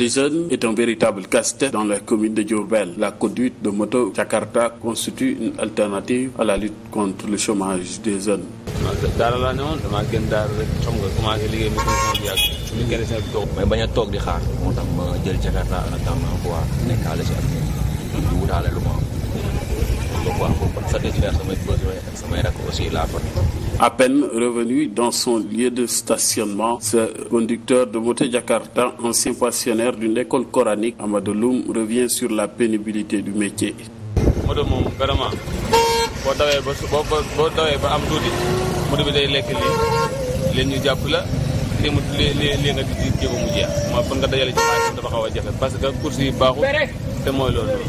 des jeunes est un véritable casse dans la commune de Diourbel. La conduite de moto Jakarta constitue une alternative à la lutte contre le chômage des jeunes. daara ne woon damaa gën daara rek xam nga commencé liggéey ma ko bu yàgg suñu kenn seen toog mais bañ a toog di xaar moo tax ma jël Jakarta en wutaale lu ma satisfaire samay besoins ak samay rakk aussi laa fa à peine revenu dans son lieu de stationnement ce conducteur de moto Jakarta ancien pensionnaire d'une école coranique Amadou revient sur la pénibilité du métier. moto moom boo dawee ba su boo am tuuti moto bi day lekk lii leen ñu jàpp la. lii mu lii lii lii nga di jéego mu nga dajale ci xaalis dafa xaw a jafe parce que course yi baaxul te mooy loolu.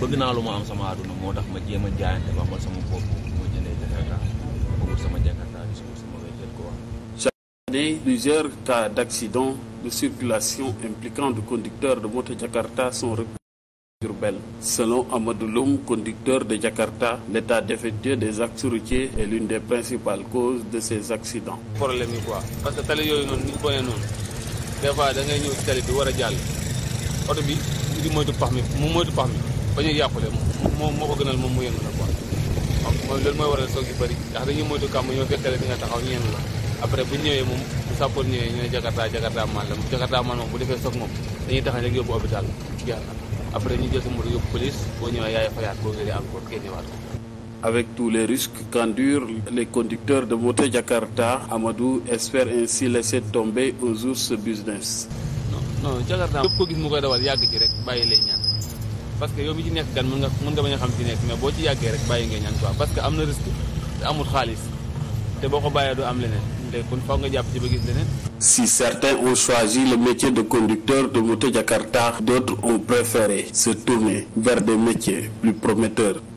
bëgg naa lu ma am sama aduna moo tax ma jéem a jaayante ba xool sama bopp moo jëndee Jakarta ba sama plusieurs cas d' accidents de circulation impliquant de conducteurs de moto Jakarta sont Jurbel. Selon Amadou conducteur de Jakarta, l'état défectueux des axes routiers est l'une des principales causes de ces accidents. problème yi quoi parce que tali yooyu noonu ni ñu noonu des fois ñëw ci bi war a jàll oto bi di moytu pax mi mu moytu ba ñuy yàqule moom moo ko gënal moom mu yëngu la quoi waaw mooy loolu mooy waral soog yu bëri ndax dañuy moytu kàmm ñoo fekkale fi nga taxaw ñu yëngu la après bu ñëwee moom bu sàppoon ñëwee ñu ne jakarta jakarta man la ñu jël sa moto yóbbu police boo ñëwee yaay fayaat risques qu'endurent les conducteurs de moto Jakarta, Amadou espère ainsi laisser tomber un jour ce business. non non Jakarta. képp ko gis mu koy dawal yàgg ci rek bàyyi lay parce que yow mi ci nekk gan mën nga mën nga bañ a xam ci nekk mais boo ci yàggee rek bàyyi nga ñaan quoi parce que am na risque te amul xaalis te boo ko bàyyee du am leneen kon foog nga jàpp ci ba gis leneen. Si certains ont choisi le métier de conducteur de moto Jakarta, d'autres ont préféré se tourner vers des métiers plus prometteurs.